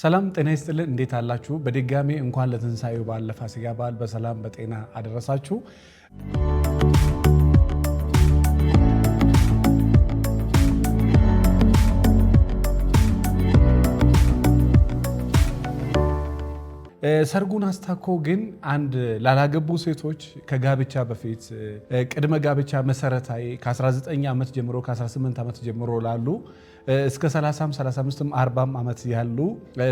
ሰላም ጤና ይስጥልን። እንዴት አላችሁ? በድጋሜ እንኳን ለትንሳኤው በዓል ለፋሲካ በዓል በሰላም በጤና አደረሳችሁ። ሰርጉን አስታኮ ግን አንድ ላላገቡ ሴቶች ከጋብቻ በፊት ቅድመ ጋብቻ መሰረታዊ ከ19 ዓመት ጀምሮ ከ18 ዓመት ጀምሮ ላሉ እስከ 30 35 40 ዓመት ያሉ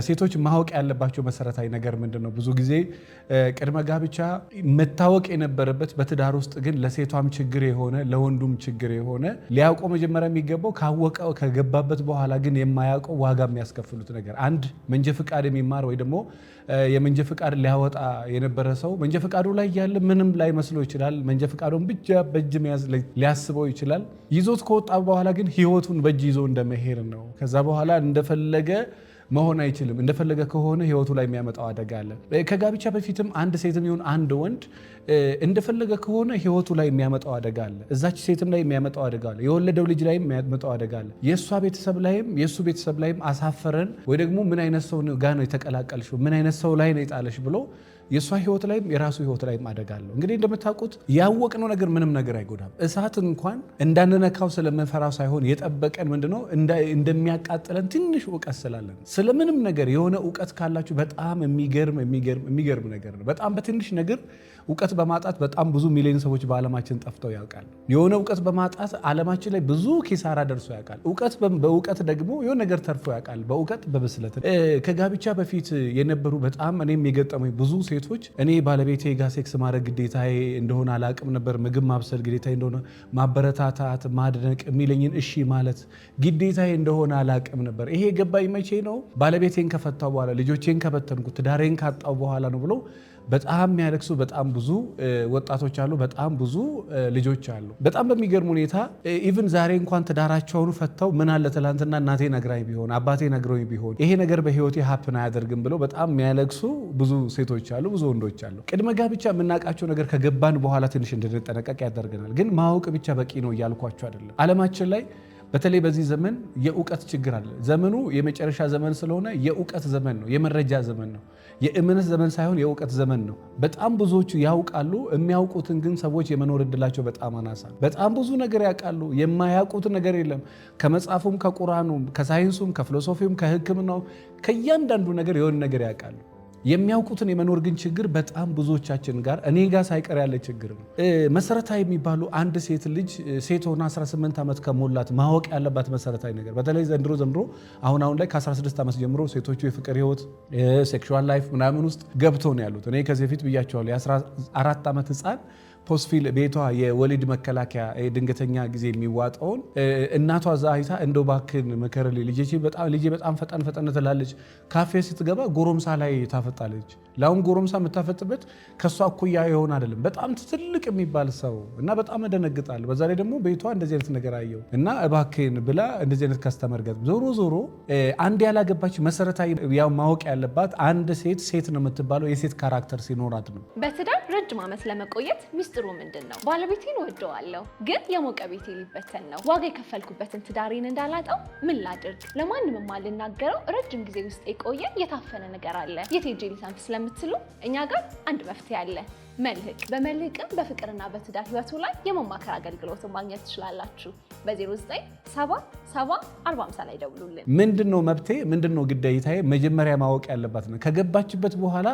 ሴቶች ማወቅ ያለባቸው መሰረታዊ ነገር ምንድን ነው? ብዙ ጊዜ ቅድመ ጋብቻ መታወቅ የነበረበት በትዳር ውስጥ ግን ለሴቷም ችግር የሆነ ለወንዱም ችግር የሆነ ሊያውቀው መጀመሪያ የሚገባው ካወቀው ከገባበት በኋላ ግን የማያውቀው ዋጋ የሚያስከፍሉት ነገር አንድ መንጀ ፈቃድ የሚማር ወይ ደግሞ የመንጃ ፍቃድ ሊያወጣ የነበረ ሰው መንጃ ፍቃዱ ላይ ያለ ምንም ላይ መስሎ ይችላል። መንጃ ፍቃዱን ብቻ በእጅ መያዝ ሊያስበው ይችላል። ይዞት ከወጣ በኋላ ግን ህይወቱን በእጅ ይዞ እንደመሄድ ነው። ከዛ በኋላ እንደፈለገ መሆን አይችልም። እንደፈለገ ከሆነ ህይወቱ ላይ የሚያመጣው አደጋ አለ። ከጋብቻ በፊትም አንድ ሴትም ይሁን አንድ ወንድ እንደፈለገ ከሆነ ህይወቱ ላይ የሚያመጣው አደጋ አለ። እዛች ሴትም ላይ የሚያመጣው አደጋ አለ። የወለደው ልጅ ላይ የሚያመጣው አደጋ አለ። የእሷ ቤተሰብ ላይም የእሱ ቤተሰብ ላይም አሳፈረን ወይ ደግሞ ምን አይነት ሰው ጋ ነው የተቀላቀልሽው፣ ምን አይነት ሰው ላይ ነው የጣለሽ ብሎ የእሷ ህይወት ላይም የራሱ ህይወት ላይም አደጋ አለው። እንግዲህ እንደምታውቁት ያወቅነው ነገር ምንም ነገር አይጎዳም። እሳት እንኳን እንዳንነካው ስለመፈራ ሳይሆን የጠበቀን ምንድነው እንደሚያቃጥለን ትንሽ እውቀት ስላለን። ስለምንም ነገር የሆነ እውቀት ካላችሁ በጣም የሚገርም የሚገርም ነገር ነው። በጣም በትንሽ ነገር እውቀት በማጣት በጣም ብዙ ሚሊዮን ሰዎች በዓለማችን ጠፍተው ያውቃል። የሆነ እውቀት በማጣት ዓለማችን ላይ ብዙ ኪሳራ ደርሶ ያውቃል። እውቀት በእውቀት ደግሞ የሆነ ነገር ተርፎ ያውቃል። በእውቀት በብስለት ከጋብቻ በፊት የነበሩ በጣም እኔም የገጠመኝ ብዙ ሴቶች እኔ ባለቤቴ ጋር ሴክስ ማድረግ ግዴታ እንደሆነ አላቅም ነበር፣ ምግብ ማብሰል ግዴታ እንደሆነ ማበረታታት፣ ማድነቅ የሚለኝን እሺ ማለት ግዴታ እንደሆነ አላቅም ነበር። ይሄ ገባኝ መቼ ነው? ባለቤቴን ከፈታው በኋላ ልጆቼን ከበተንኩ ትዳሬን ካጣው በኋላ ነው ብሎ በጣም የሚያለቅሱ በጣም ብዙ ወጣቶች አሉ። በጣም ብዙ ልጆች አሉ። በጣም በሚገርም ሁኔታ ኢቭን ዛሬ እንኳን ትዳራቸውን ፈተው ምን አለ ትላንትና እናቴ ነግራኝ ቢሆን አባቴ ነግረኝ ቢሆን ይሄ ነገር በህይወቴ ሀፕን አያደርግም ብለው በጣም የሚያለቅሱ ብዙ ሴቶች አሉ፣ ብዙ ወንዶች አሉ። ቅድመ ጋብቻ የምናውቃቸው ነገር ከገባን በኋላ ትንሽ እንድንጠነቀቅ ያደርገናል። ግን ማወቅ ብቻ በቂ ነው እያልኳቸው አይደለም። አለማችን ላይ በተለይ በዚህ ዘመን የእውቀት ችግር አለ። ዘመኑ የመጨረሻ ዘመን ስለሆነ የእውቀት ዘመን ነው፣ የመረጃ ዘመን ነው፣ የእምነት ዘመን ሳይሆን የእውቀት ዘመን ነው። በጣም ብዙዎቹ ያውቃሉ፣ የሚያውቁትን ግን ሰዎች የመኖር እድላቸው በጣም አናሳ። በጣም ብዙ ነገር ያውቃሉ፣ የማያውቁት ነገር የለም። ከመጽሐፉም፣ ከቁርአኑም፣ ከሳይንሱም፣ ከፊሎሶፊውም፣ ከህክምናው ከእያንዳንዱ ነገር የሆነ ነገር ያውቃሉ። የሚያውቁትን የመኖር ግን ችግር በጣም ብዙዎቻችን ጋር እኔ ጋር ሳይቀር ያለ ችግር ነው። መሰረታዊ የሚባሉ አንድ ሴት ልጅ ሴት ሆና 18 ዓመት ከሞላት ማወቅ ያለባት መሰረታዊ ነገር በተለይ ዘንድሮ ዘንድሮ አሁን አሁን ላይ ከ16 ዓመት ጀምሮ ሴቶቹ የፍቅር ህይወት ሴክሹዋል ላይፍ ምናምን ውስጥ ገብተው ነው ያሉት። እኔ ከዚህ በፊት ብያቸዋለሁ። የ14 ዓመት ህፃን ሆስፊል ቤቷ የወሊድ መከላከያ የድንገተኛ ጊዜ የሚዋጠውን እናቷ ዛይታ እንደ ባክን መከረል ምከርልኝ ልጄ በጣም ፈጣን ፈጠን ትላለች። ካፌ ስትገባ ጎረምሳ ላይ ታፈጣለች። ለአሁን ጎረምሳ የምታፈጥበት ከእሷ እኩያ የሆን አይደለም፣ በጣም ትልቅ የሚባል ሰው እና በጣም እደነግጣለሁ። በዛ ላይ ደግሞ ቤቷ እንደዚህ አይነት ነገር አየው እና እባክን ብላ እንደዚህ አይነት ከስተመርገጥ ዞሮ ዞሮ አንድ ያላገባች መሰረታዊ ያው ማወቅ ያለባት አንድ ሴት ሴት ነው የምትባለው የሴት ካራክተር ሲኖራት ነው በትዳር ረጅም ዓመት ለመቆየት ሚስጥ ሚስጥሩ ምንድን ነው? ባለቤቴን ወደዋለሁ፣ ግን የሞቀ ቤቴ ሊበተን ነው። ዋጋ የከፈልኩበትን ትዳሬን እንዳላጣው ምን ላድርግ? ለማንም የማልናገረው ረጅም ጊዜ ውስጥ የቆየ የታፈነ ነገር አለ። የቴጄ ሊሰንፍ ስለምትሉ እኛ ጋር አንድ መፍትሄ አለ። መልህቅ በመልህቅም በፍቅርና በትዳር ህይወቱ ላይ የመማከር አገልግሎትን ማግኘት ትችላላችሁ። 45 ላይ ደውሉልን። ነው መብቴ ነው ግዴታዬ መጀመሪያ ማወቅ ያለባት ነው። ከገባችበት በኋላ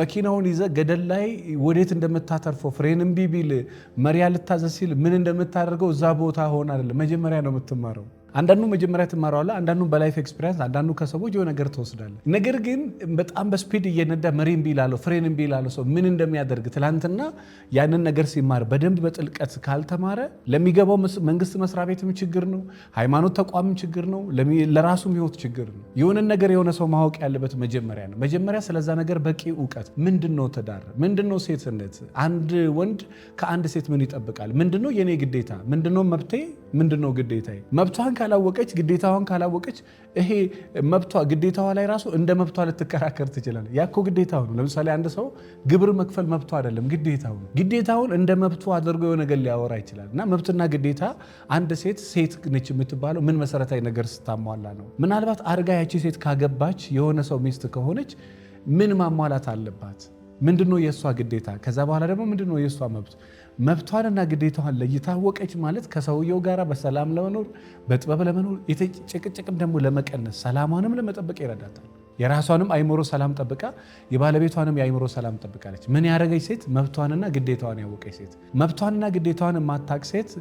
መኪናውን ይዘ ገደል ላይ ወዴት እንደምታተርፎ ፍሬን እምቢ ቢል መሪያ ልታዘዝ ሲል ምን እንደምታደርገው እዛ ቦታ ሆን አይደለም መጀመሪያ ነው የምትማረው። አንዳንዱ መጀመሪያ ትማረዋለህ፣ አንዳንዱ በላይፍ ኤክስፒሪያንስ፣ አንዳንዱ ከሰዎች የሆነ ነገር ትወስዳለህ። ነገር ግን በጣም በስፒድ እየነዳ መሪ እምቢ ይላለው፣ ፍሬን እምቢ ይላለው ሰው ምን እንደሚያደርግ ትላንትና ያንን ነገር ሲማር በደንብ በጥልቀት ካልተማረ ለሚገባው መንግስት መስሪያ ቤትም ችግር ነው፣ ሃይማኖት ተቋምም ችግር ነው፣ ለራሱም ህይወት ችግር ነው። የሆነን ነገር የሆነ ሰው ማወቅ ያለበት መጀመሪያ ነው። መጀመሪያ ስለዛ ነገር በቂ እውቀት ምንድን ነው ትዳር፣ ምንድን ነው ሴትነት፣ አንድ ወንድ ከአንድ ሴት ምን ይጠብቃል፣ ምንድን ነው የኔ ግዴታ፣ ምንድን ነው መብቴ፣ ምንድን ነው ግዴታ መብቷን ካላወቀች ግዴታዋን ካላወቀች ይሄ መብቷ ግዴታዋ ላይ ራሱ እንደ መብቷ ልትከራከር ትችላለች። ያኮ ግዴታው ነው። ለምሳሌ አንድ ሰው ግብር መክፈል መብቷ አይደለም፣ ግዴታው ነው። ግዴታውን እንደ መብቱ አድርጎ የሆነ ነገር ሊያወራ ይችላል። እና መብትና ግዴታ አንድ ሴት ሴት ነች የምትባለው ምን መሰረታዊ ነገር ስታሟላ ነው። ምናልባት አድርጋ ያቺ ሴት ካገባች የሆነ ሰው ሚስት ከሆነች ምን ማሟላት አለባት? ምንድነው የእሷ ግዴታ? ከዛ በኋላ ደግሞ ምንድነው የእሷ መብት? መብቷንና ግዴታዋን ለይታወቀች ማለት ከሰውየው ጋር በሰላም ለመኖር በጥበብ ለመኖር ጭቅጭቅም ደግሞ ለመቀነስ ሰላሟንም ለመጠበቅ ይረዳታል። የራሷንም አይምሮ ሰላም ጠብቃ የባለቤቷንም የአይምሮ ሰላም ጠብቃለች። ምን ያደረገች ሴት? መብቷንና ግዴታዋን ያወቀች ሴት። መብቷንና ግዴታዋን የማታቅ ሴት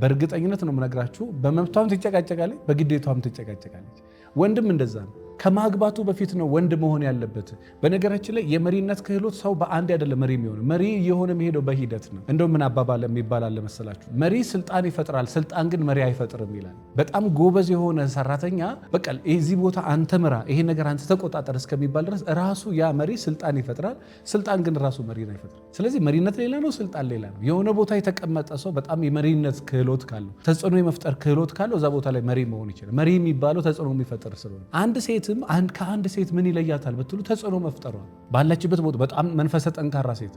በእርግጠኝነት ነው የምነግራችሁ፣ በመብቷም ትጨቃጨቃለች፣ በግዴታዋም ትጨቃጨቃለች። ወንድም እንደዛ ነው። ከማግባቱ በፊት ነው ወንድ መሆን ያለበት። በነገራችን ላይ የመሪነት ክህሎት ሰው በአንድ አይደለም መሪ የሚሆነ መሪ የሆነ የሚሄደው በሂደት ነው። እንደው ምን አባባል የሚባላል መሰላችሁ? መሪ ስልጣን ይፈጥራል፣ ስልጣን ግን መሪ አይፈጥርም ይላል። በጣም ጎበዝ የሆነ ሰራተኛ በቃ እዚህ ቦታ አንተ ምራ፣ ይሄ ነገር አንተ ተቆጣጠር እስከሚባል ድረስ ራሱ ያ መሪ ስልጣን ይፈጥራል፣ ስልጣን ግን ራሱ መሪ አይፈጥርም። ስለዚህ መሪነት ሌላ ነው፣ ስልጣን ሌላ ነው። የሆነ ቦታ የተቀመጠ ሰው በጣም የመሪነት ክህሎት ካለው ተጽዕኖ የመፍጠር ክህሎት ካለው እዛ ቦታ ላይ መሪ መሆን ይችላል። መሪ የሚባለው ተጽዕኖ የሚፈጥር ስለሆነ አንድ ሴት ሴትም አንድ ከአንድ ሴት ምን ይለያታል ብትሉ ተጽዕኖ መፍጠሯ ባለችበት ቦታ በጣም መንፈሰ ጠንካራ ሴት፣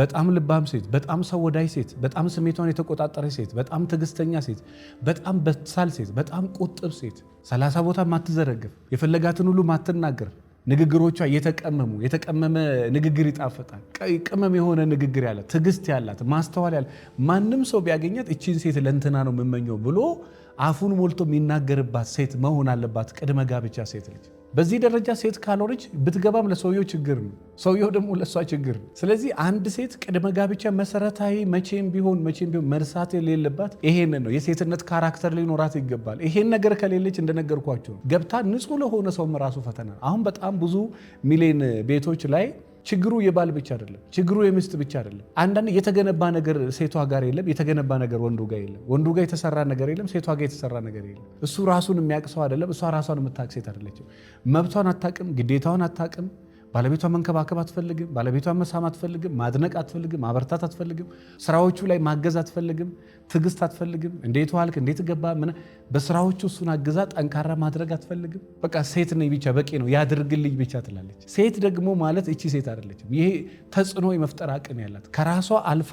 በጣም ልባም ሴት፣ በጣም ሰው ወዳይ ሴት፣ በጣም ስሜቷን የተቆጣጠረ ሴት፣ በጣም ትዕግስተኛ ሴት፣ በጣም በሳል ሴት፣ በጣም ቁጥብ ሴት፣ ሰላሳ ቦታ ማትዘረግፍ፣ የፈለጋትን ሁሉ ማትናገር ንግግሮቿ የተቀመሙ የተቀመመ ንግግር ይጣፈጣል፣ ቅመም የሆነ ንግግር ያላት ትዕግስት ያላት ማስተዋል ያላት ማንም ሰው ቢያገኛት እቺን ሴት ለእንትና ነው የምመኘው ብሎ አፉን ሞልቶ የሚናገርባት ሴት መሆን አለባት፣ ቅድመ ጋብቻ ሴት ልጅ። በዚህ ደረጃ ሴት ካልሆነች ብትገባም ለሰውየው ችግር ነው፣ ሰውየው ደግሞ ለእሷ ችግር ነው። ስለዚህ አንድ ሴት ቅድመ ጋብቻ መሰረታዊ መቼም ቢሆን መቼም ቢሆን መርሳት የሌለባት ይሄንን ነው። የሴትነት ካራክተር ሊኖራት ይገባል። ይሄን ነገር ከሌለች እንደነገርኳቸው ገብታ ንጹህ ለሆነ ሰውም ራሱ ፈተና። አሁን በጣም ብዙ ሚሊዮን ቤቶች ላይ ችግሩ የባል ብቻ አይደለም፣ ችግሩ የሚስት ብቻ አይደለም። አንዳንድ የተገነባ ነገር ሴቷ ጋር የለም፣ የተገነባ ነገር ወንዱ ጋር የለም፣ ወንዱ ጋር የተሰራ ነገር የለም፣ ሴቷ ጋር የተሰራ ነገር የለም። እሱ ራሱን የሚያውቅ ሰው አይደለም፣ እሷ ራሷን የምታቅ ሴት አይደለችም። መብቷን አታቅም ግዴታዋን አታቅም። ባለቤቷ መንከባከብ አትፈልግም። ባለቤቷ መሳም አትፈልግም። ማድነቅ አትፈልግም። ማበርታት አትፈልግም። ስራዎቹ ላይ ማገዝ አትፈልግም። ትዕግስት አትፈልግም። እንዴት ዋልክ፣ እንዴት ገባ፣ ምን በስራዎቹ እሱን አግዛ ጠንካራ ማድረግ አትፈልግም። በቃ ሴት ነኝ ብቻ በቂ ነው ያድርግልኝ ብቻ ትላለች። ሴት ደግሞ ማለት እቺ ሴት አይደለችም። ይሄ ተጽዕኖ የመፍጠር አቅም ያላት ከራሷ አልፋ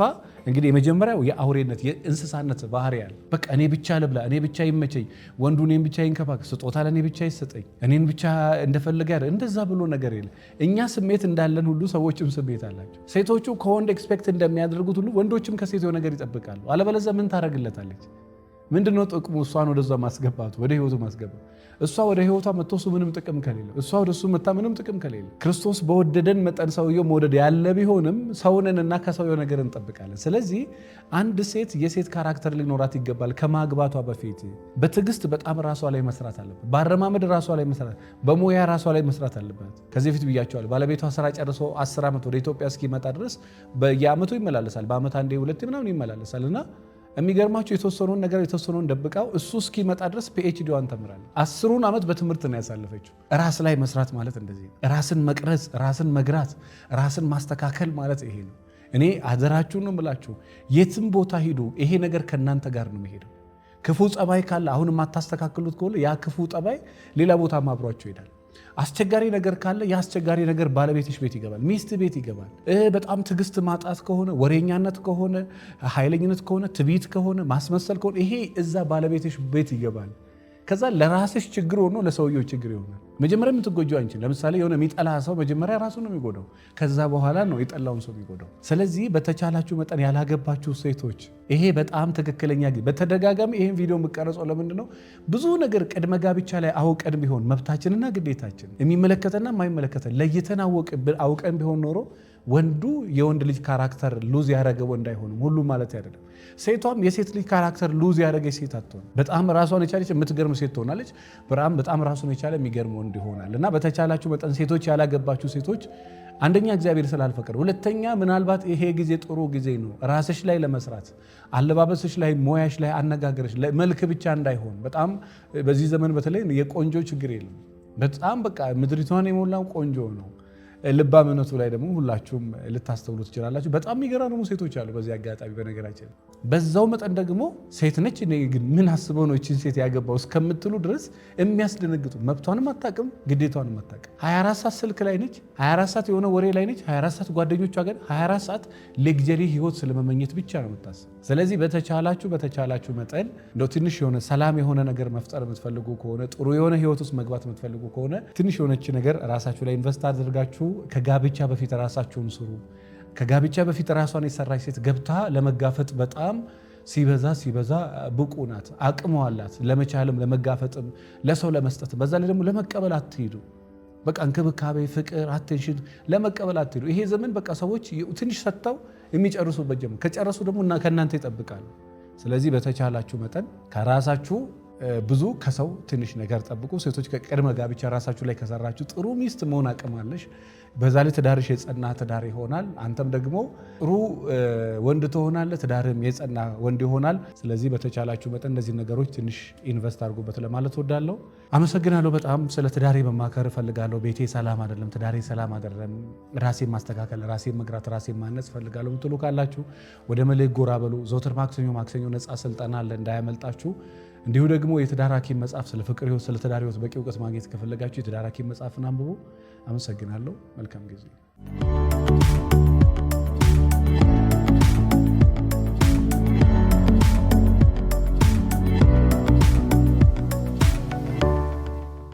እንግዲህ የመጀመሪያው የአውሬነት የእንስሳነት ባህሪ ያለ በቃ እኔ ብቻ ልብላ፣ እኔ ብቻ ይመቸኝ፣ ወንዱ እኔን ብቻ ይንከባከብ፣ ስጦታ ለእኔ ብቻ ይሰጠኝ፣ እኔን ብቻ እንደፈለገ ያደ እንደዛ ብሎ ነገር የለ። እኛ ስሜት እንዳለን ሁሉ ሰዎችም ስሜት አላቸው። ሴቶቹ ከወንድ ኤክስፔክት እንደሚያደርጉት ሁሉ ወንዶችም ከሴት ነገር ይጠብቃሉ። አለበለዚያ ምን ታደርግለታለች? ምንድነው ጥቅሙ? እሷን ወደዛ ማስገባቱ ወደ ህይወቱ ማስገባት እሷ ወደ ህይወቷ መጥቶ እሱ ምንም ጥቅም ከሌለ እሷ ወደ እሱ መታ ምንም ጥቅም ከሌለ ክርስቶስ በወደደን መጠን ሰውየው መውደድ ያለ ቢሆንም ሰውንን እና ከሰውየው ነገር እንጠብቃለን። ስለዚህ አንድ ሴት የሴት ካራክተር ሊኖራት ይገባል። ከማግባቷ በፊት በትዕግስት በጣም ራሷ ላይ መስራት አለበት። በአረማመድ ራሷ ላይ መስራት፣ በሙያ ራሷ ላይ መስራት አለባት። ከዚህ በፊት ብያቸዋል። ባለቤቷ ስራ ጨርሶ አስር ዓመት ወደ ኢትዮጵያ እስኪመጣ ድረስ በየአመቱ ይመላለሳል። በአመት አንዴ ሁለቴ ምናምን ይመላለሳል እና የሚገርማቸው የተወሰነውን ነገር የተወሰነውን ደብቃው እሱ እስኪመጣ ድረስ ፒኤችዲዋን ተምራል። አስሩን ዓመት በትምህርት ነው ያሳለፈችው። ራስ ላይ መስራት ማለት እንደዚህ ነው። ራስን መቅረጽ፣ ራስን መግራት፣ ራስን ማስተካከል ማለት ይሄ ነው። እኔ አደራችሁን ነው የምላችሁ፣ የትም ቦታ ሂዱ፣ ይሄ ነገር ከእናንተ ጋር ነው መሄደው። ክፉ ጸባይ ካለ አሁን የማታስተካክሉት ከሆነ ያ ክፉ ጸባይ ሌላ ቦታ ማብሯቸው ይሄዳል። አስቸጋሪ ነገር ካለ የአስቸጋሪ ነገር ባለቤትሽ ቤት ይገባል፣ ሚስት ቤት ይገባል። በጣም ትግስት ማጣት ከሆነ ወሬኛነት ከሆነ ኃይለኝነት ከሆነ ትቢት ከሆነ ማስመሰል ከሆነ ይሄ እዛ ባለቤትሽ ቤት ይገባል። ከዛ ለራስሽ ችግር ሆኖ ለሰውየው ችግር ይሆናል። መጀመሪያ የምትጎጂው አንቺ። ለምሳሌ የሆነ የሚጠላ ሰው መጀመሪያ ራሱ ነው የሚጎዳው፣ ከዛ በኋላ ነው የጠላውን ሰው የሚጎዳው። ስለዚህ በተቻላችሁ መጠን ያላገባችሁ ሴቶች፣ ይሄ በጣም ትክክለኛ ጊዜ። በተደጋጋሚ ይህን ቪዲዮ የምቀረጸው ለምንድን ነው? ብዙ ነገር ቅድመ ጋብቻ ላይ አውቀን ቢሆን መብታችንና ግዴታችን የሚመለከተና የማይመለከተን ለይተን አውቀን ቢሆን ኖሮ ወንዱ የወንድ ልጅ ካራክተር ሉዝ ያደረገ ወንድ አይሆንም። ሁሉም ማለት አይደለም። ሴቷም የሴት ልጅ ካራክተር ሉዝ ያደረገች ሴት አትሆን። በጣም ራሷን የቻለች የምትገርም ሴት ትሆናለች። ብርሃም በጣም ራሱን የቻለ የሚገርም ወንድ ይሆናል። እና በተቻላችሁ መጠን ሴቶች ያላገባችሁ ሴቶች አንደኛ እግዚአብሔር ስላልፈቀደ፣ ሁለተኛ ምናልባት ይሄ ጊዜ ጥሩ ጊዜ ነው ራስሽ ላይ ለመስራት አለባበስሽ ላይ፣ ሞያሽ ላይ፣ አነጋገርሽ መልክ ብቻ እንዳይሆን። በጣም በዚህ ዘመን በተለይ የቆንጆ ችግር የለም። በጣም በቃ ምድሪቷን የሞላው ቆንጆ ነው። ልባምነቱ ላይ ደግሞ ሁላችሁም ልታስተውሉ ትችላላችሁ። በጣም የሚገራርሙ ሴቶች አሉ በዚህ አጋጣሚ። በነገራችን በዛው መጠን ደግሞ ሴት ነች ግን ምን አስበው ነው ይችን ሴት ያገባው እስከምትሉ ድረስ የሚያስደነግጡ መብቷንም አታውቅም፣ ግዴቷንም አታውቅም። 24 ሰዓት ስልክ ላይ ነች፣ 24 ሰዓት የሆነ ወሬ ላይ ነች፣ 24 ሰዓት ጓደኞቿ ጋር፣ 24 ሰዓት ሌግጀሪ ህይወት ስለመመኘት ብቻ ነው የምታስብ። ስለዚህ በተቻላችሁ በተቻላችሁ መጠን እንደው ትንሽ የሆነ ሰላም የሆነ ነገር መፍጠር የምትፈልጉ ከሆነ ጥሩ የሆነ ህይወት ውስጥ መግባት የምትፈልጉ ከሆነ ትንሽ የሆነች ነገር ራሳችሁ ላይ ኢንቨስት አድርጋችሁ ከጋብቻ በፊት ራሳቸውን ስሩ። ከጋብቻ በፊት ራሷን የሰራች ሴት ገብታ ለመጋፈጥ በጣም ሲበዛ ሲበዛ ብቁ ናት፣ አቅም አላት፣ ለመቻልም ለመጋፈጥም ለሰው ለመስጠትም። በዛ ላይ ደግሞ ለመቀበል አትሄዱ። በቃ እንክብካቤ፣ ፍቅር፣ አቴንሽን ለመቀበል አትሄዱ። ይሄ ዘመን በቃ ሰዎች ትንሽ ሰጥተው የሚጨርሱበት ጀምር። ከጨረሱ ደግሞ ከእናንተ ይጠብቃሉ። ስለዚህ በተቻላችሁ መጠን ከራሳችሁ ብዙ ከሰው ትንሽ ነገር ጠብቁ። ሴቶች ከቅድመ ጋብቻ ራሳችሁ ላይ ከሰራችሁ ጥሩ ሚስት መሆን አቅም አለሽ። በዛ ላይ ትዳርሽ የጸና ትዳር ይሆናል። አንተም ደግሞ ጥሩ ወንድ ትሆናለህ። ትዳርም የጸና ወንድ ይሆናል። ስለዚህ በተቻላችሁ መጠን እነዚህ ነገሮች ትንሽ ኢንቨስት አድርጉበት ለማለት ወዳለሁ። አመሰግናለሁ። በጣም ስለ ትዳሬ መማከር እፈልጋለሁ። ቤቴ ሰላም አይደለም፣ ትዳሬ ሰላም አይደለም፣ ራሴ ማስተካከል፣ ራሴ መግራት፣ ራሴ ማነጽ እፈልጋለሁ ምትሉ ካላችሁ ወደ መልሕቅ ጎራ በሉ። ዘውትር ማክሰኞ ማክሰኞ ነፃ ስልጠና አለ እንዳያመልጣችሁ። እንዲሁ ደግሞ የትዳር ሐኪም መጽሐፍ ስለ ፍቅር ህይወት፣ ስለ ትዳር ህይወት በቂ እውቀት ማግኘት ከፈለጋችሁ የትዳር ሐኪም መጽሐፍን አንብቡ። አመሰግናለሁ። መልካም ጊዜ